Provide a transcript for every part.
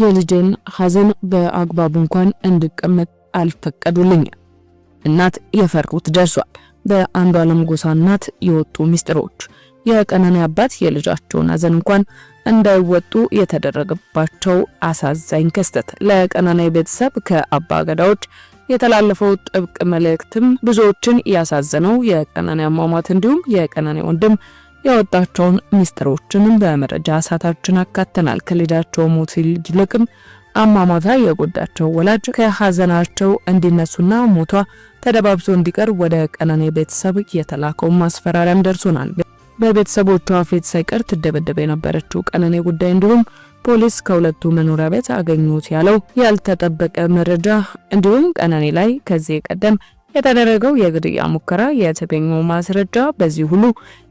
የልጄን ሐዘን በአግባቡ እንኳን እንድቀመጥ አልፈቀዱልኝም። እናት የፈሩት ደርሷል። በአንዷለም ጎሳ እናት የወጡ ሚስጥሮች። የቀነኔ አባት የልጃቸውን ሐዘን እንኳን እንዳይወጡ የተደረገባቸው አሳዛኝ ክስተት። ለቀነኒ ቤተሰብ ከአባ ገዳዎች የተላለፈው ጥብቅ መልእክትም ብዙዎችን ያሳዘነው የቀነኒ አሟሟት እንዲሁም የቀነኔ ወንድም ያወጣቸውን ሚስጥሮችንም በመረጃ እሳታችን አካተናል። ከልጃቸው ሞት ይልቅም አማማታ የጎዳቸው ወላጅ ከሀዘናቸው እንዲነሱና ሞቷ ተደባብሶ እንዲቀር ወደ ቀነኔ ቤተሰብ የተላከው ማስፈራሪያም ደርሶናል። በቤተሰቦቿ ፊት ሳይቀር ትደበደበ የነበረችው ቀነኔ ጉዳይ እንዲሁም ፖሊስ ከሁለቱ መኖሪያ ቤት አገኙት ያለው ያልተጠበቀ መረጃ እንዲሁም ቀነኔ ላይ ከዚህ ቀደም የተደረገው የግድያ ሙከራ የተገኘው ማስረጃ በዚህ ሁሉ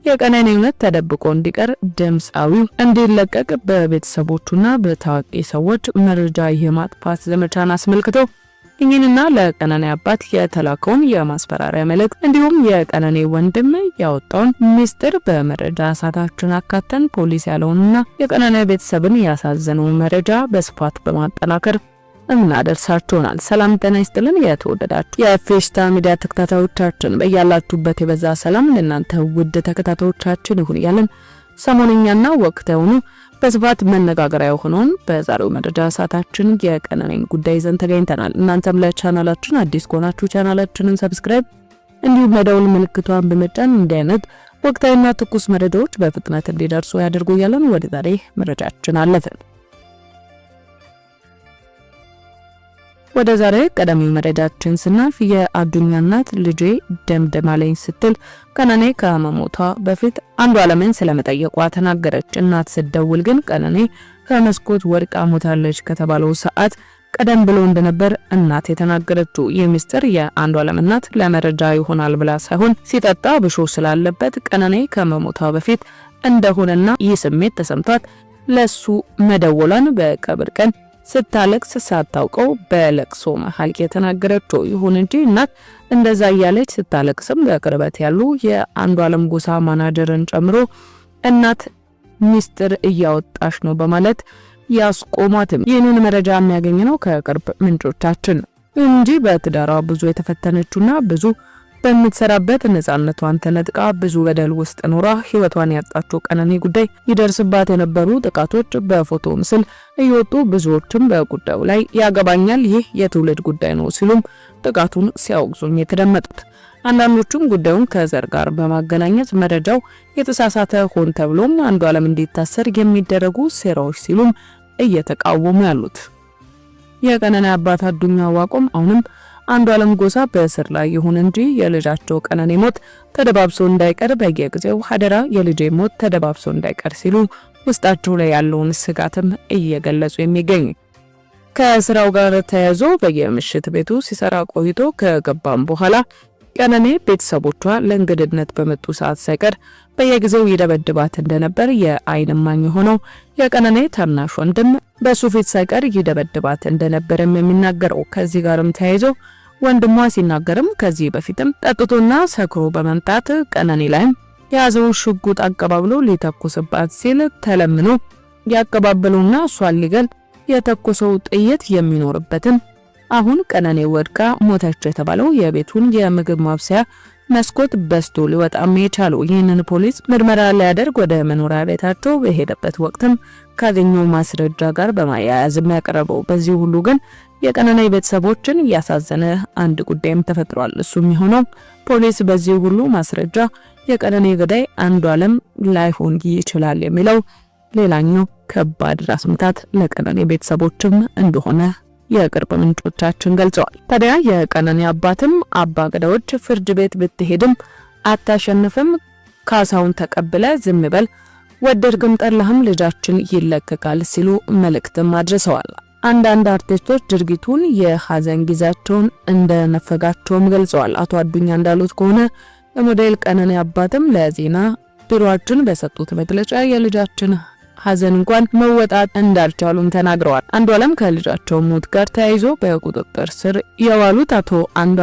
የቀነኒ እውነት ተደብቆ እንዲቀር ድምፃዊው እንዲለቀቅ በቤተሰቦቹና በታዋቂ ሰዎች መረጃ የማጥፋት ዘመቻን አስመልክቶ ይህንና ለቀነኒ አባት የተላከውን የማስፈራሪያ መልእክት እንዲሁም የቀነኒ ወንድም ያወጣውን ሚስጥር በመረጃ ሰዓታችን አካተን ፖሊስ ያለውንና የቀነኒ ቤተሰብን ያሳዘነውን መረጃ በስፋት በማጠናከር እናደርሳችሁናል። ሰላም ጤና ይስጥልን። የተወደዳችሁ የፌሽታ ሚዲያ ተከታታዮቻችን በያላችሁበት የበዛ ሰላም ለእናንተ ውድ ተከታታዮቻችን ይሁን እያለን ሰሞነኛና ወቅት የሆኑ በስፋት መነጋገሪያ የሆነውን በዛሬው መረጃ ሰዓታችን የቀነኔን ጉዳይ ይዘን ተገኝተናል። እናንተም ለቻናላችን አዲስ ከሆናችሁ ቻናላችንን ሰብስክራይብ እንዲሁም መደውል ምልክቷን በመጫን እንዲህ አይነት ወቅታዊና ትኩስ መረጃዎች በፍጥነት እንዲደርሱ ያደርጉ እያለን ወደ ዛሬ መረጃችን አለፍን። ወደ ዛሬ ቀዳሚው መረዳችን ስናልፍ የአዱኛ እናት ልጄ ደምደም አለኝ ስትል ቀነኔ ከመሞቷ በፊት አንዱ አለምን ስለመጠየቋ ተናገረች። እናት ስደውል ግን ቀነኔ ከመስኮት ወድቃ ሞታለች ከተባለው ሰዓት ቀደም ብሎ እንደነበር እናት የተናገረችው። ይህ ምስጢር የአንዱ አለም እናት ለመረጃ ይሆናል ብላ ሳይሆን ሲጠጣ ብሾ ስላለበት ቀነኔ ከመሞቷ በፊት እንደሆነና ይህ ስሜት ተሰምቷት ለሱ መደወሏን በቀብር ቀን ስታለቅስ ሳታውቀው በለቅሶ መሀል የተናገረችው። ይሁን እንጂ እናት እንደዛ እያለች ስታለቅስም በቅርበት ያሉ አለም ጎሳ ማናጀርን ጨምሮ እናት ሚስጥር እያወጣሽ ነው በማለት ያስቆሟትም። ይህንን መረጃ የሚያገኝ ነው ከቅርብ ምንጮቻችን እንጂ በትዳሯ ብዙ የተፈተነችውና ብዙ በምትሰራበት ነፃነቷን ተነጥቃ ብዙ በደል ውስጥ ኖራ ህይወቷን ያጣችው ቀነኒ ጉዳይ ይደርስባት የነበሩ ጥቃቶች በፎቶ ምስል እየወጡ ብዙዎችም በጉዳዩ ላይ ያገባኛል፣ ይህ የትውልድ ጉዳይ ነው ሲሉም ጥቃቱን ሲያወግዙም የተደመጡት አንዳንዶቹም ጉዳዩን ከዘር ጋር በማገናኘት መረጃው የተሳሳተ ሆን ተብሎም አንዱ ዓለም እንዲታሰር የሚደረጉ ሴራዎች ሲሉም እየተቃወሙ ያሉት የቀነኒ አባት አዱኛ ዋቆም አሁንም አለም ጎሳ በእስር ላይ ይሁን እንጂ የልጃቸው ቀነኔ ሞት ተደባብሶ እንዳይቀር በየጊዜው ሀደራ የልጄ ሞት ተደባብሶ እንዳይቀር ሲሉ ውስጣቸው ላይ ያለውን ስጋትም እየገለጹ የሚገኝ ከስራው ጋር ተያይዞ በየምሽት ቤቱ ሲሰራ ቆይቶ ከገባም በኋላ ቀነኔ ቤተሰቦቿ ለእንግድነት በመጡ ሰዓት ሳይቀር በየጊዜው ይደበድባት እንደነበር የዓይን እማኝ የሆነው የቀነኔ ታናሽ ወንድም በሱ ፊት ሳይቀር ይደበድባት እንደነበርም የሚናገረው ከዚህ ጋርም ተያይዞ ወንድሟ ሲናገርም ከዚህ በፊትም ጠጥቶና ሰክሮ በመምጣት ቀነኒ ላይም የያዘውን ሽጉጥ አቀባብሎ ሊተኩስባት ሲል ተለምኖ ያቀባበሉና እሷን ሊገል የተኮሰው ጥይት የሚኖርበትን አሁን ቀነኔ ወድቃ ሞተች የተባለው የቤቱን የምግብ ማብሰያ መስኮት በስቶ ሊወጣም የቻሉ ይህንን ፖሊስ ምርመራ ሊያደርግ ወደ መኖሪያ ቤታቸው በሄደበት ወቅትም ካገኘው ማስረጃ ጋር በማያያዝም ያቀረበው። በዚህ ሁሉ ግን የቀነናይ ቤተሰቦችን እያሳዘነ አንድ ጉዳይም ተፈጥሯል። እሱም የሆነው ፖሊስ በዚህ ሁሉ ማስረጃ የቀነኔ ገዳይ አንዱ ዓለም ላይሆን ይችላል የሚለው ሌላኛው ከባድ ራስ ምታት ለቀነኔ ቤተሰቦችም እንደሆነ የቅርብ ምንጮቻችን ገልጸዋል። ታዲያ የቀነኔ አባትም አባ ገዳዎች ፍርድ ቤት ብትሄድም አታሸንፍም፣ ካሳውን ተቀብለ ዝም በል፣ ወደድክም ጠላህም ልጃችን ይለቀቃል ሲሉ መልእክትም አድርሰዋል። አንዳንድ አርቲስቶች ድርጊቱን የሀዘን ጊዜያቸውን እንደነፈጋቸውም ገልጸዋል። አቶ አዱኛ እንዳሉት ከሆነ የሞዴል ቀነኒ አባትም ለዜና ቢሮችን በሰጡት መግለጫ የልጃችን ሀዘን እንኳን መወጣት እንዳልቻሉም ተናግረዋል። አንዱ አለም ከልጃቸው ሞት ጋር ተያይዞ በቁጥጥር ስር የዋሉት አቶ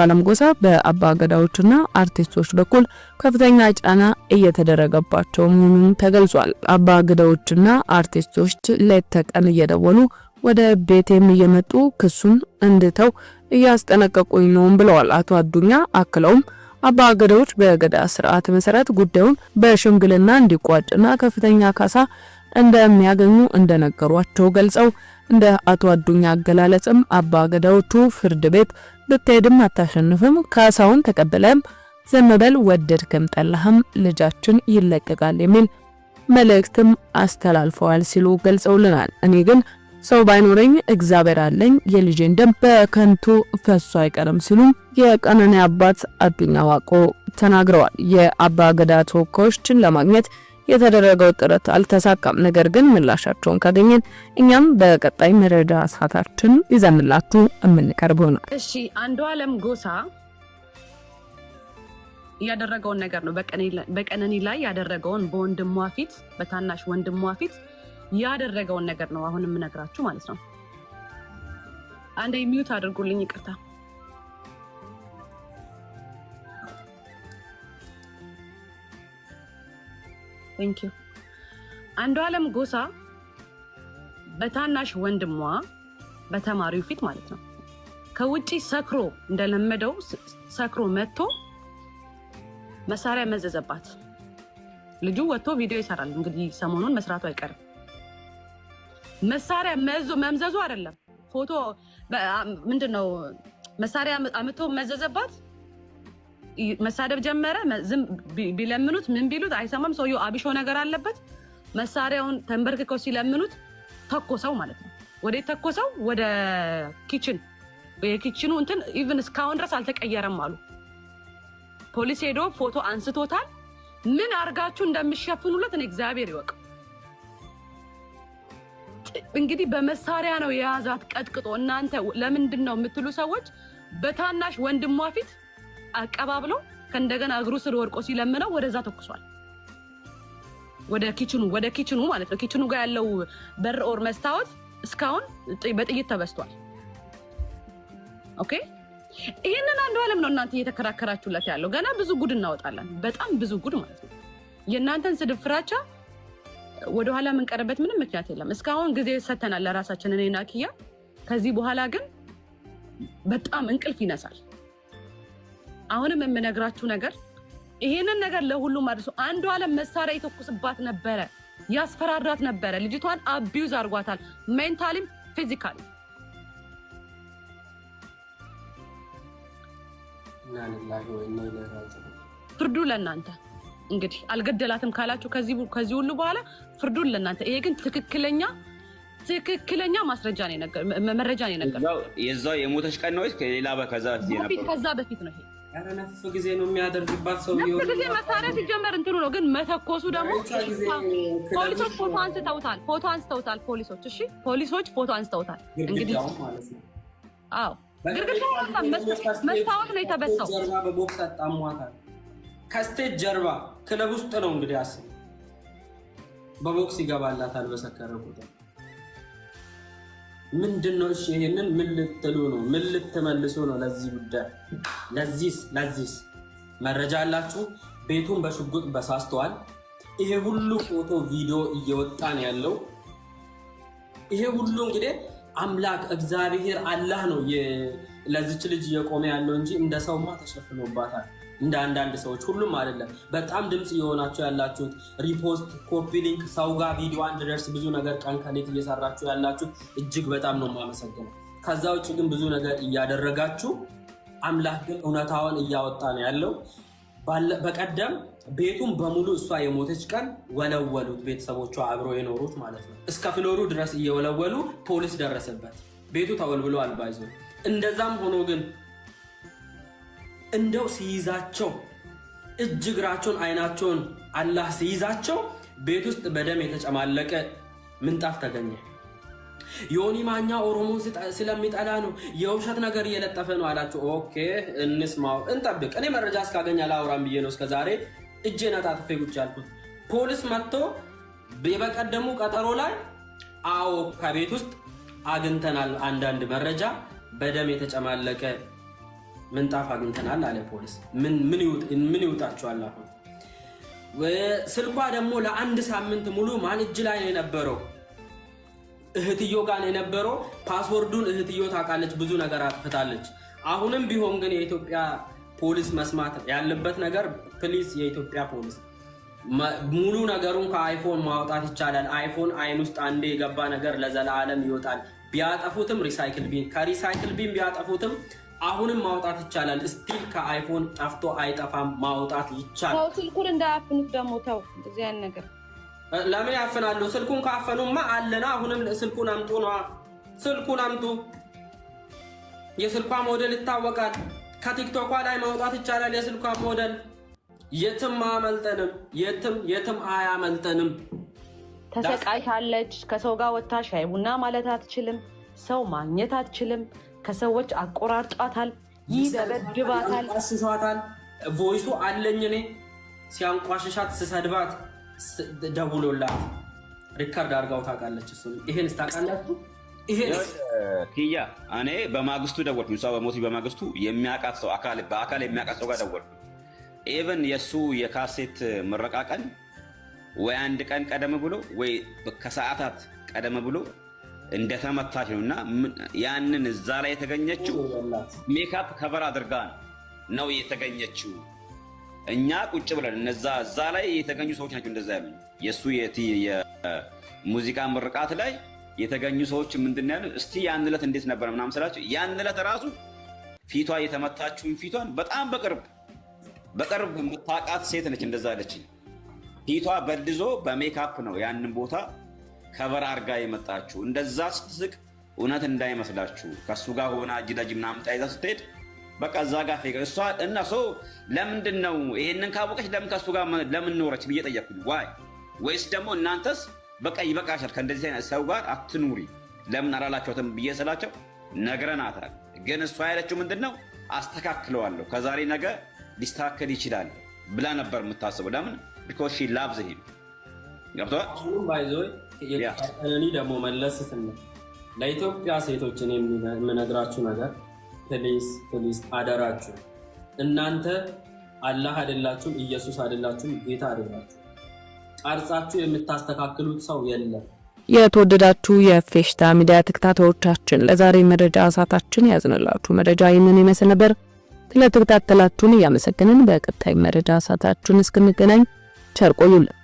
አለም ጎሳ በአባገዳዎችና አርቲስቶች በኩል ከፍተኛ ጫና እየተደረገባቸው መሆኑን ተገልጿል። አባገዳዎችና አርቲስቶች ሌት ተቀን እየደወሉ ወደ ቤቴም እየመጡ ክሱን እንድተው እያስጠነቀቁኝ ነውም ብለዋል አቶ አዱኛ። አክለውም አባ ገዳዎች በገዳ ስርዓት መሰረት ጉዳዩን በሽምግልና እንዲቋጭና ከፍተኛ ካሳ እንደሚያገኙ እንደነገሯቸው ገልጸው እንደ አቶ አዱኛ አገላለጽም አባ ገዳዎቹ ፍርድ ቤት ብትሄድም አታሸንፍም፣ ካሳውን ተቀብለም ዘመበል ወደድ ወደድክም ጠላህም ልጃችን ይለቀቃል የሚል መልእክትም አስተላልፈዋል ሲሉ ገልጸውልናል። እኔ ግን ሰው ባይኖረኝ እግዚአብሔር አለኝ፣ የልጄን ደም በከንቱ ፈሶ አይቀርም ሲሉም የቀነኔ አባት አቢኛ ዋቆ ተናግረዋል። የአባ ገዳ ተወካዮችን ለማግኘት የተደረገው ጥረት አልተሳካም። ነገር ግን ምላሻቸውን ካገኘን እኛም በቀጣይ መረጃ ሰዓታችን ይዘንላችሁ የምንቀርብ ሆናል። እሺ፣ አንዱ አለም ጎሳ ያደረገውን ነገር ነው። በቀነኒ ላይ ያደረገውን በወንድሟ ፊት፣ በታናሽ ወንድሟ ፊት ያደረገውን ነገር ነው አሁን የምነግራችሁ ማለት ነው። አንዴ ሚዩት አድርጉልኝ፣ ይቅርታ። ቴንክ ዩ። አንዷለም ጎሳ በታናሽ ወንድሟ በተማሪው ፊት ማለት ነው ከውጭ ሰክሮ እንደለመደው ሰክሮ መጥቶ መሳሪያ መዘዘባት። ልጁ ወጥቶ ቪዲዮ ይሰራል። እንግዲህ ሰሞኑን መስራቱ አይቀርም። መሳሪያ መዞ መምዘዙ አይደለም ፎቶ ምንድን ነው መሳሪያ አምቶ መዘዘባት መሳደብ ጀመረ። ቢለምኑት ምን ቢሉት አይሰማም። ሰውየው አብሾ ነገር አለበት። መሳሪያውን ተንበርክከው ሲለምኑት ተኮሰው ማለት ነው። ወደ ተኮሰው ወደ ኪችን የኪችኑ እንትን ኢቭን እስካሁን ድረስ አልተቀየረም አሉ። ፖሊስ ሄዶ ፎቶ አንስቶታል። ምን አርጋችሁ እንደሚሸፍኑለት እኔ እግዚአብሔር ይወቅ። እንግዲህ በመሳሪያ ነው የያዛት ቀጥቅጦ። እናንተ ለምንድን ነው የምትሉ ሰዎች በታናሽ ወንድሟ ፊት አቀባብሎ ከእንደገና እግሩ ስር ወድቆ ሲለምነው ወደዛ ተኩሷል። ወደ ኪችኑ ወደ ኪችኑ ማለት ነው። ኪችኑ ጋር ያለው በር ኦር መስታወት እስካሁን በጥይት ተበስቷል። ኦኬ፣ ይህንን አንዱ አለም ነው እናንተ እየተከራከራችሁለት ያለው። ገና ብዙ ጉድ እናወጣለን። በጣም ብዙ ጉድ ማለት ነው። የእናንተን ስድብ ፍራቻ ወደኋላ የምንቀርበት ምንም ምክንያት የለም። እስካሁን ጊዜ ሰተናል ለራሳችን እኔና ክያ። ከዚህ በኋላ ግን በጣም እንቅልፍ ይነሳል። አሁንም የምነግራችሁ ነገር ይሄንን ነገር ለሁሉም አድርሶ አንዱ አለም መሳሪያ የተኩስባት ነበረ፣ ያስፈራራት ነበረ። ልጅቷን አቢዩዝ አድርጓታል፣ ሜንታሊም ፊዚካል። ፍርዱ ለእናንተ እንግዲህ አልገደላትም ካላችሁ ከዚህ ሁሉ በኋላ ፍርዱን ለእናንተ። ይሄ ግን ትክክለኛ ትክክለኛ ማስረጃ መረጃ ነው የነገረው። የዛው የሞተች ቀን ነው ወይስ ከሌላ ከዛ በፊት ነው? ነፍሱ ጊዜ ነው የሚያደርግባት ሰው ጊዜ መሳሪያ ሲጀመር እንትኑ ነው። ግን መተኮሱ ደግሞ ፖሊሶች ፎቶ አንስተውታል። ፎቶ አንስተውታል ፖሊሶች። እሺ ፖሊሶች ፎቶ አንስተውታል። እንግዲህ አዎ፣ ግድግዳው መስታወት ነው የተበሳው። ከስቴጅ ጀርባ ክለብ ውስጥ ነው እንግዲህ አስብ። በቦክስ ይገባላታል በሰከረ ቁጥር ምንድን ነው? እሺ ይሄንን ምን ልትሉ ነው? ምን ልትመልሱ ነው? ለዚህ ጉዳይ ለዚህስ ለዚህስ መረጃ አላችሁ? ቤቱን በሽጉጥ በሳስተዋል። ይሄ ሁሉ ፎቶ ቪዲዮ እየወጣ ነው ያለው። ይሄ ሁሉ እንግዲህ አምላክ እግዚአብሔር አላህ ነው ለዚች ልጅ እየቆመ ያለው እንጂ እንደ ሰውማ ተሸፍኖባታል። እንደ አንዳንድ ሰዎች ሁሉም አይደለም። በጣም ድምፅ እየሆናችሁ ያላችሁት ሪፖስት፣ ኮፒ ሊንክ፣ ሰው ጋር ቪዲዮ ደርስ ብዙ ነገር ቀን ከሌት እየሰራችሁ ያላችሁት እጅግ በጣም ነው የማመሰግነው። ከዛ ውጭ ግን ብዙ ነገር እያደረጋችሁ አምላክ ግን እውነታውን እያወጣ ነው ያለው። በቀደም ቤቱን በሙሉ እሷ የሞተች ቀን ወለወሉት፣ ቤተሰቦቿ አብሮ የኖሩት ማለት ነው። እስከ ፍሎሩ ድረስ እየወለወሉ ፖሊስ ደረሰበት። ቤቱ ተወልብሎ አልባይዞ እንደዛም ሆኖ ግን እንደው ሲይዛቸው እጅ እግራቸውን አይናቸውን አላህ ሲይዛቸው ቤት ውስጥ በደም የተጨማለቀ ምንጣፍ ተገኘ። ዮኒ ማኛ ኦሮሞን ስለሚጠላ ነው የውሸት ነገር እየለጠፈ ነው አላቸው። ኦኬ እንስማው፣ እንጠብቅ። እኔ መረጃ እስካገኝ አላወራም ብዬ ነው እስከዛሬ እጄን አጣጥፌ ቁጭ ያልኩት። ፖሊስ መጥቶ የበቀደሙ ቀጠሮ ላይ አዎ ከቤት ውስጥ አግኝተናል አንዳንድ መረጃ በደም የተጨማለቀ ምንጣፍ አግኝተናል አለ ፖሊስ። ምን ይውጣችኋል? አሁን ስልኳ ደግሞ ለአንድ ሳምንት ሙሉ ማን እጅ ላይ ነው የነበረው? እህትዮ ጋር የነበረው። ፓስወርዱን እህትዮ ታውቃለች፣ ብዙ ነገር አጥፍታለች። አሁንም ቢሆን ግን የኢትዮጵያ ፖሊስ መስማት ያለበት ነገር ፕሊስ፣ የኢትዮጵያ ፖሊስ ሙሉ ነገሩን ከአይፎን ማውጣት ይቻላል። አይፎን አይን ውስጥ አንዴ የገባ ነገር ለዘላለም ይወጣል። ቢያጠፉትም ሪሳይክል ቢን ከሪሳይክል ቢን ቢያጠፉትም አሁንም ማውጣት ይቻላል። ስቲል ከአይፎን ጠፍቶ አይጠፋም፣ ማውጣት ይቻላል። ተው ስልኩን እንዳያፍኑት ደግሞ ተው። እዚያን ነገር ለምን ያፍናሉ? ስልኩን ካፈኑማ አለና አሁንም ስልኩን አምጡ ነዋ። ስልኩን አምጡ። የስልኳ ሞዴል ይታወቃል። ከቲክቶኳ ላይ ማውጣት ይቻላል። የስልኳ ሞዴል የትም አያመልጠንም፣ የትም የትም አያመልጠንም። ተሰቃይታለች። ከሰው ጋር ወጥታ ሻይ ቡና ማለት አትችልም። ሰው ማግኘት አትችልም። ከሰዎች አቆራርጧታል፣ ይሰበድባታል፣ ቋሽሿታል። ቮይሱ አለኝ እኔ ሲያንቋሽሻት ስሰድባት ደውሎላት ሪካርድ አድርጋው ታውቃለች። እሱ ይሄን ስታውቃላችሁ ክያ እኔ በማግስቱ ደወልኩኝ። እሷ በሞት በማግስቱ የሚያውቃት ሰው በአካል የሚያውቃት ሰው ጋር ደወልኩኝ። ኢቨን የእሱ የካሴት ምረቃ ቀን ወይ አንድ ቀን ቀደም ብሎ ወይ ከሰዓታት ቀደም ብሎ እንደተመታች ነው እና ያንን እዛ ላይ የተገኘችው ሜካፕ ከበር አድርጋ ነው የተገኘችው። እኛ ቁጭ ብለን እነዛ እዛ ላይ የተገኙ ሰዎች ናቸው እንደዛ ያሉ። የእሱ የሙዚቃ ምርቃት ላይ የተገኙ ሰዎች ምንድን ያሉ እስቲ ያን ዕለት እንዴት ነበር ምናምን ስላቸው ያን ዕለት ራሱ ፊቷ የተመታችውን ፊቷን በጣም በቅርብ በቅርብ የምታውቃት ሴት ነች። እንደዛ አለችኝ። ፊቷ በልዞ በሜካፕ ነው ያንን ቦታ ከበር አርጋ የመጣችሁ እንደዛ ስትስቅ እውነት እንዳይመስላችሁ ከእሱ ጋር ሆና እጅ ለእጅ ምናምን ተያይዛ ስትሄድ በቃ እዛ ጋር ፌቅ እሷ እና ሰው ለምንድን ነው ይሄንን ካወቀች ለምን ከእሱ ጋር ለምን ኖረች ብዬ ጠየቅኩኝ። ዋይ ወይስ ደግሞ እናንተስ በቃ ይበቃሻል ከእንደዚህ አይነት ሰው ጋር አትኑሪ ለምን አላላቸውትም ብዬ ስላቸው ነግረናታል፣ ግን እሷ ያለችው ምንድን ነው አስተካክለዋለሁ ከዛሬ ነገ ሊስተካከል ይችላል ብላ ነበር የምታስበው። ለምን ቢኮዝ ሺ ላቭዝ ሂም ገብተዋል። የቀጠለኒ ደግሞ መለስ ስንል ለኢትዮጵያ ሴቶችን የምነግራችሁ ነገር ፕሊስ ፕሊስ አደራችሁ፣ እናንተ አላህ አይደላችሁም፣ ኢየሱስ አይደላችሁም፣ ጌታ አይደላችሁም። ቀርጻችሁ የምታስተካክሉት ሰው የለም። የተወደዳችሁ የፌሽታ ሚዲያ ተከታታዮቻችን ለዛሬ መረጃ ሰዓታችን ያዝንላችሁ መረጃ ይህንን ይመስል ነበር። ስለተከታተላችሁን እያመሰገንን በቀጣይ መረጃ ሰዓታችን እስክንገናኝ ቸር ቆዩልን።